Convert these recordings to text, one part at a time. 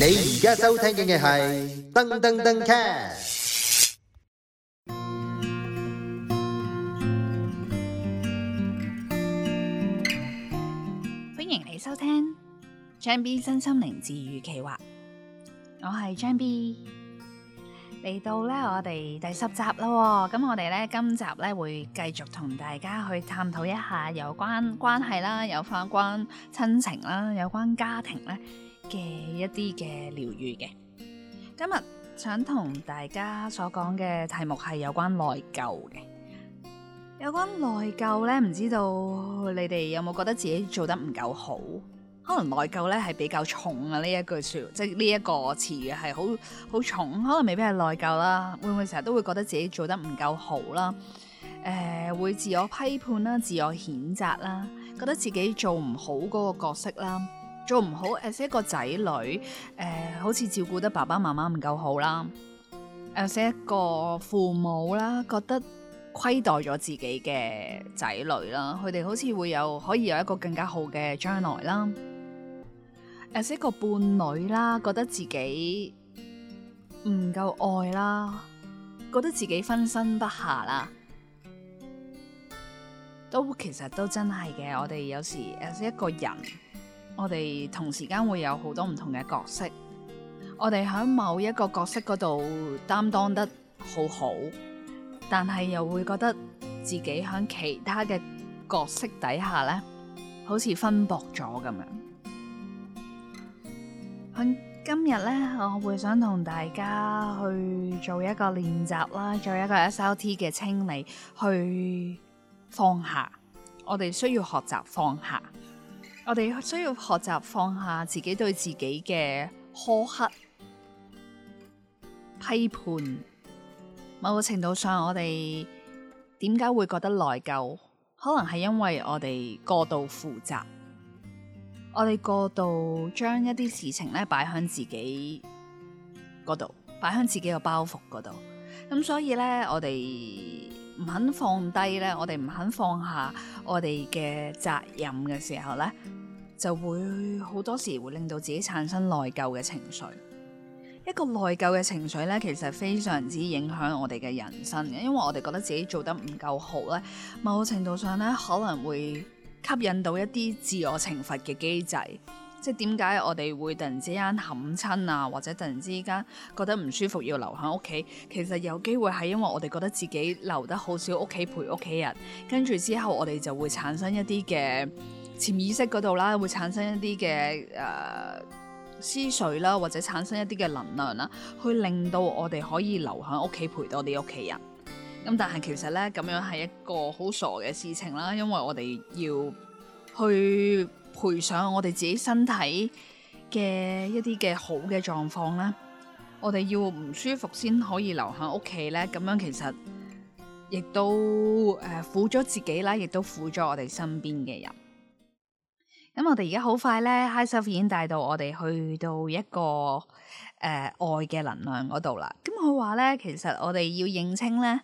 你而家收聽嘅係噔噔噔卡，歡迎你收聽張 B 真心靈治愈企劃，我係張 B 嚟到咧，我哋第十集啦，咁我哋咧今集咧會繼續同大家去探討一下有關關係啦，有關關親情啦，有關家庭咧。嘅一啲嘅療癒嘅，今日想同大家所講嘅題目係有關內疚嘅，有關內疚咧，唔知道你哋有冇覺得自己做得唔夠好？可能內疚咧係比較重啊，呢一句說，即係呢一個詞語係好好重，可能未必係內疚啦，會唔會成日都會覺得自己做得唔夠好啦？誒、呃，會自我批判啦，自我譴責啦，覺得自己做唔好嗰個角色啦。做唔好，As 一個仔女，誒、呃，好似照顧得爸爸媽媽唔夠好啦；As 一個父母啦，覺得虧待咗自己嘅仔女啦，佢哋好似會有可以有一個更加好嘅將來啦；As 一個伴侶啦，覺得自己唔夠愛啦，覺得自己分身不下啦，都其實都真係嘅，我哋有時 As 一個人。我哋同時間會有好多唔同嘅角色，我哋喺某一個角色嗰度擔當得好好，但係又會覺得自己喺其他嘅角色底下呢，好似分薄咗咁樣。今日呢，我會想同大家去做一個練習啦，做一個 SOT 嘅清理，去放下。我哋需要學習放下。我哋需要學習放下自己對自己嘅苛刻批判。某個程度上，我哋點解會覺得內疚？可能係因為我哋過度負責，我哋過度將一啲事情咧擺向自己嗰度，擺向自己個包袱嗰度。咁所以咧，我哋唔肯放低咧，我哋唔肯放下我哋嘅責任嘅時候咧。就會好多時會令到自己產生內疚嘅情緒。一個內疚嘅情緒咧，其實非常之影響我哋嘅人生嘅，因為我哋覺得自己做得唔夠好咧，某程度上咧可能會吸引到一啲自我懲罰嘅機制。即係點解我哋會突然之間冚親啊，或者突然之間覺得唔舒服要留喺屋企？其實有機會係因為我哋覺得自己留得好少屋企陪屋企人，跟住之後我哋就會產生一啲嘅。潛意識嗰度啦，會產生一啲嘅誒思緒啦，或者產生一啲嘅能量啦，去令到我哋可以留喺屋企陪多啲屋企人。咁但係其實咧，咁樣係一個好傻嘅事情啦，因為我哋要去賠上我哋自己身體嘅一啲嘅好嘅狀況啦。我哋要唔舒服先可以留喺屋企咧，咁樣其實亦都誒、呃、苦咗自己啦，亦都苦咗我哋身邊嘅人。咁我哋而家好快咧，high self 已經帶到我哋去到一個誒、呃、愛嘅能量嗰度啦。咁我話咧，其實我哋要認清咧，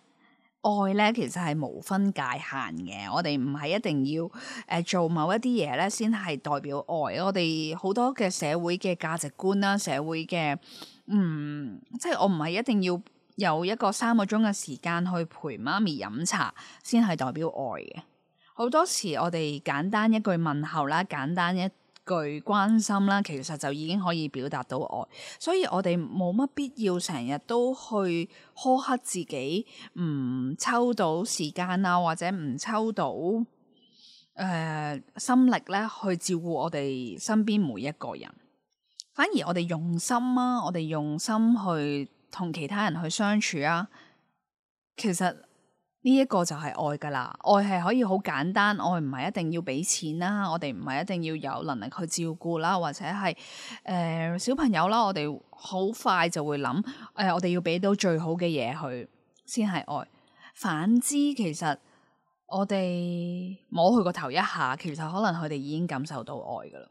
愛咧其實係無分界限嘅。我哋唔係一定要誒做某一啲嘢咧，先係代表愛。我哋好多嘅社會嘅價值觀啦，社會嘅嗯，即係我唔係一定要有一個三個鐘嘅時間去陪媽咪飲茶，先係代表愛嘅。好多時我哋簡單一句問候啦，簡單一句關心啦，其實就已經可以表達到愛。所以我哋冇乜必要成日都去苛刻自己，唔抽到時間啊，或者唔抽到誒、呃、心力咧去照顧我哋身邊每一個人。反而我哋用心啊，我哋用心去同其他人去相處啊，其實。呢一個就係愛㗎啦，愛係可以好簡單，愛唔係一定要俾錢啦，我哋唔係一定要有能力去照顧啦，或者係誒、呃、小朋友啦，我哋好快就會諗誒、呃，我哋要俾到最好嘅嘢去先係愛。反之，其實我哋摸佢個頭一下，其實可能佢哋已經感受到愛㗎啦。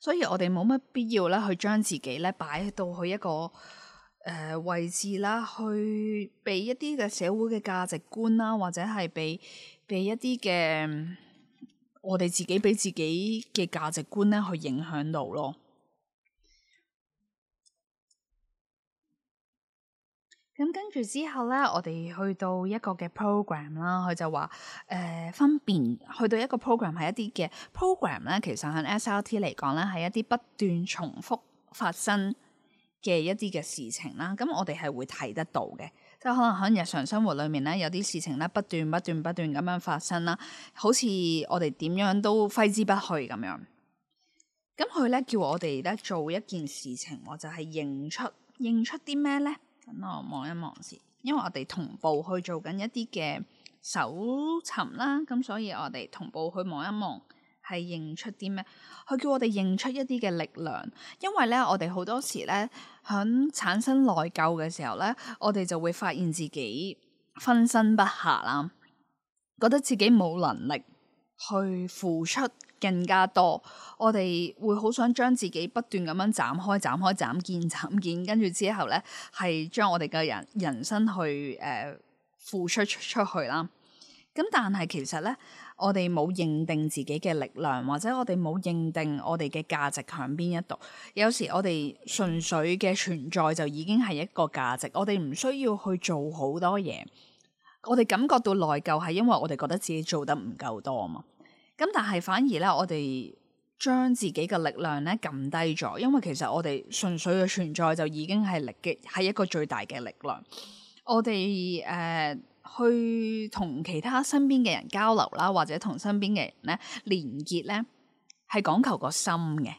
所以我哋冇乜必要咧，去將自己咧擺到去一個誒、呃、位置啦，去俾一啲嘅社會嘅價值觀啦，或者係俾俾一啲嘅我哋自己俾自己嘅價值觀咧，去影響到咯。咁跟住之後咧，我哋去到一個嘅 program 啦，佢就話誒，分辨去到一個 program 係一啲嘅 program 咧，其實喺 SLT 嚟講咧，係一啲不斷重複發生。嘅一啲嘅事情啦，咁我哋係會睇得到嘅，即係可能喺日常生活裏面咧，有啲事情咧，不斷不斷不斷咁樣發生啦，好似我哋點樣都揮之不去咁樣。咁佢咧叫我哋咧做一件事情，我就係認出認出啲咩咧？咁我望一望先，因為我哋同步去做緊一啲嘅搜尋啦，咁所以我哋同步去望一望。係認出啲咩？佢叫我哋認出一啲嘅力量，因為咧，我哋好多時咧響產生內疚嘅時候咧，我哋就會發現自己分身不暇啦，覺得自己冇能力去付出更加多，我哋會好想將自己不斷咁樣斬開、斬開、斬見、斬見，跟住之後咧，係將我哋嘅人人生去誒、呃、付出出出去啦。咁但係其實咧，我哋冇認定自己嘅力量，或者我哋冇認定我哋嘅價值喺邊一度。有時我哋純粹嘅存在就已經係一個價值，我哋唔需要去做好多嘢。我哋感覺到內疚係因為我哋覺得自己做得唔夠多啊嘛。咁但係反而咧，我哋將自己嘅力量咧撳低咗，因為其實我哋純粹嘅存在就已經係力嘅係一個最大嘅力量。我哋誒，呃去同其他身邊嘅人交流啦，或者同身邊嘅人咧連結咧，係講求個心嘅，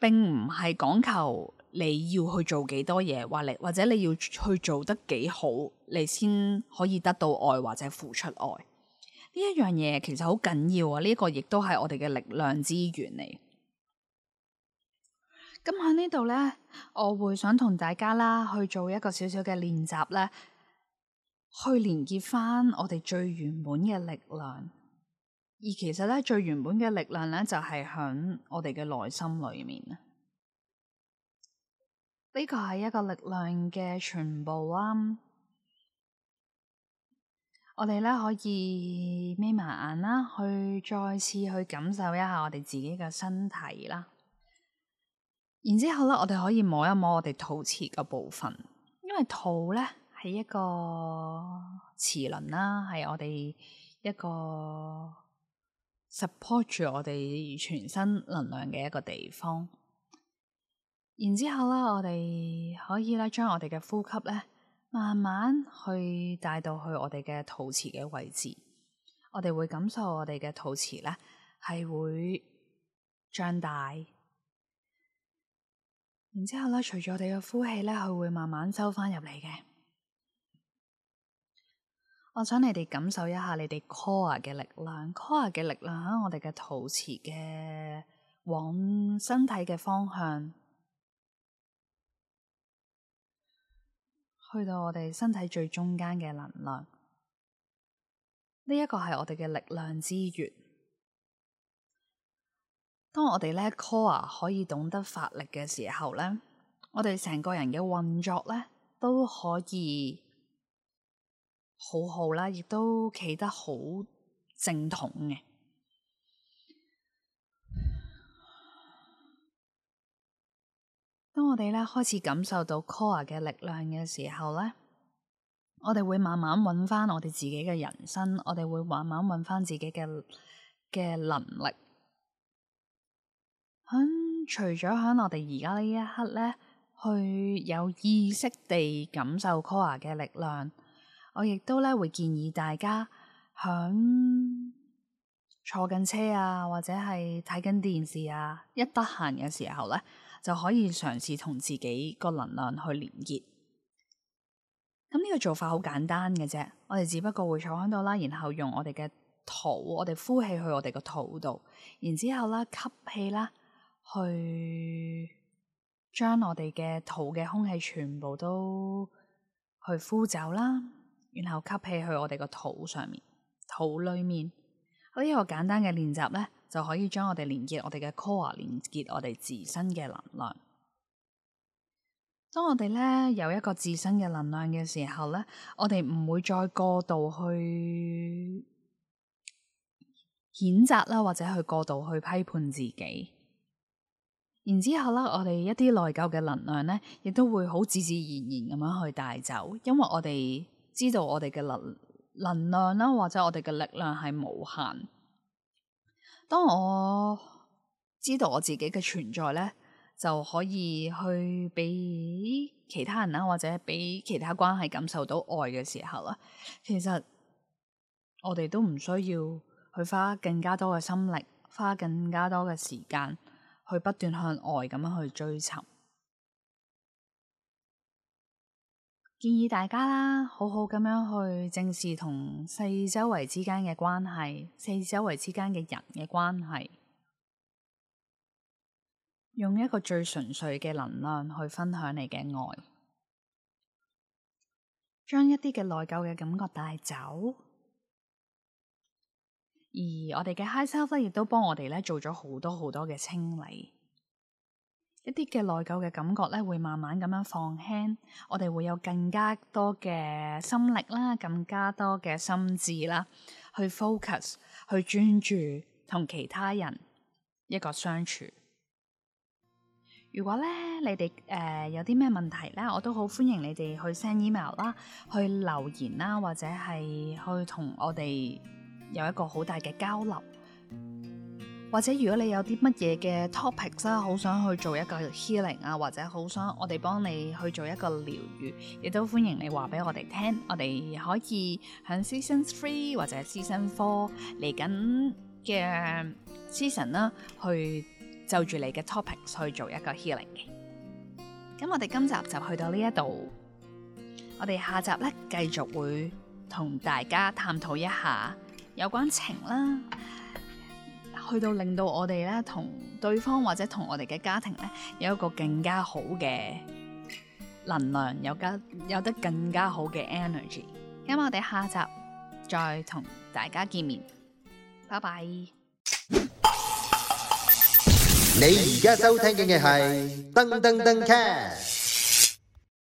並唔係講求你要去做幾多嘢，或你或者你要去做得幾好，你先可以得到愛或者付出愛。呢一樣嘢其實好緊要啊！呢一個亦都係我哋嘅力量之源嚟。咁喺呢度咧，我會想同大家啦去做一個小小嘅練習咧。去連結翻我哋最原本嘅力量，而其實咧最原本嘅力量咧就係響我哋嘅內心裏面。呢個係一個力量嘅全部啦。我哋咧可以眯埋眼啦，去再次去感受一下我哋自己嘅身體啦。然之後咧，我哋可以摸一摸我哋肚臍嘅部分，因為肚咧，係一個磁輪啦，係我哋一個 support 住我哋全身能量嘅一個地方。然之後咧，我哋可以咧將我哋嘅呼吸咧，慢慢去帶到去我哋嘅肚臍嘅位置。我哋會感受我哋嘅肚臍咧，係會脹大。然之後咧，隨住我哋嘅呼氣咧，佢會慢慢收翻入嚟嘅。我想你哋感受一下你哋 core 嘅力量，core 嘅力量喺我哋嘅肚臍嘅往身體嘅方向，去到我哋身體最中間嘅能量。呢、這、一個係我哋嘅力量之源。當我哋咧 core 可以懂得發力嘅時候咧，我哋成個人嘅運作咧都可以。好好啦，亦都企得好正統嘅。當我哋咧開始感受到 core 嘅力量嘅時候咧，我哋會慢慢揾返我哋自己嘅人生，我哋會慢慢揾返自己嘅嘅能力。響除咗響我哋而家呢一刻咧，去有意識地感受 core 嘅力量。我亦都咧會建議大家響坐緊車啊，或者係睇緊電視啊，一得閒嘅時候咧就可以嘗試同自己個能量去連結。咁呢個做法好簡單嘅啫，我哋只不過會坐喺度啦，然後用我哋嘅肚，我哋呼氣去我哋個肚度，然之後啦吸氣啦，去將我哋嘅肚嘅空氣全部都去呼走啦。然後吸氣去我哋個肚上面，肚裏面，呢、這、一個簡單嘅練習呢，就可以將我哋連結我哋嘅 core，連結我哋自身嘅能量。當我哋呢有一個自身嘅能量嘅時候呢，我哋唔會再過度去譴責啦，或者去過度去批判自己。然之後呢，我哋一啲內疚嘅能量呢，亦都會好自自然然咁樣去帶走，因為我哋。知道我哋嘅能能量啦，或者我哋嘅力量係無限。當我知道我自己嘅存在咧，就可以去俾其他人啦，或者俾其他關係感受到愛嘅時候啊，其實我哋都唔需要去花更加多嘅心力，花更加多嘅時間去不斷向外咁樣去追尋。建議大家啦，好好咁樣去正視同四周圍之間嘅關係，四周圍之間嘅人嘅關係，用一個最純粹嘅能量去分享你嘅愛，將一啲嘅內疚嘅感覺帶走，而我哋嘅 high self 亦都幫我哋咧做咗好多好多嘅清理。一啲嘅內疚嘅感覺咧，會慢慢咁樣放輕，我哋會有更加多嘅心力啦，更加多嘅心智啦，去 focus，去專注同其他人一個相處。如果咧，你哋誒、呃、有啲咩問題咧，我都好歡迎你哋去 send email 啦，去留言啦，或者係去同我哋有一個好大嘅交流。或者如果你有啲乜嘢嘅 topic 啦，好想去做一個 healing 啊，或者好想我哋幫你去做一個療癒，亦都歡迎你話俾我哋聽，我哋可以喺 season three 或者 season four 嚟緊嘅 season 啦，去就住你嘅 topic 去做一個 healing 嘅。咁我哋今集就去到呢一度，我哋下集咧，繼續會同大家探討一下有關情啦。去到令到我哋咧，同對方或者同我哋嘅家庭咧，有一個更加好嘅能量，有加有得更加好嘅 energy。咁我哋下集再同大家見面，拜拜。你而家收聽嘅係噔噔噔 cash。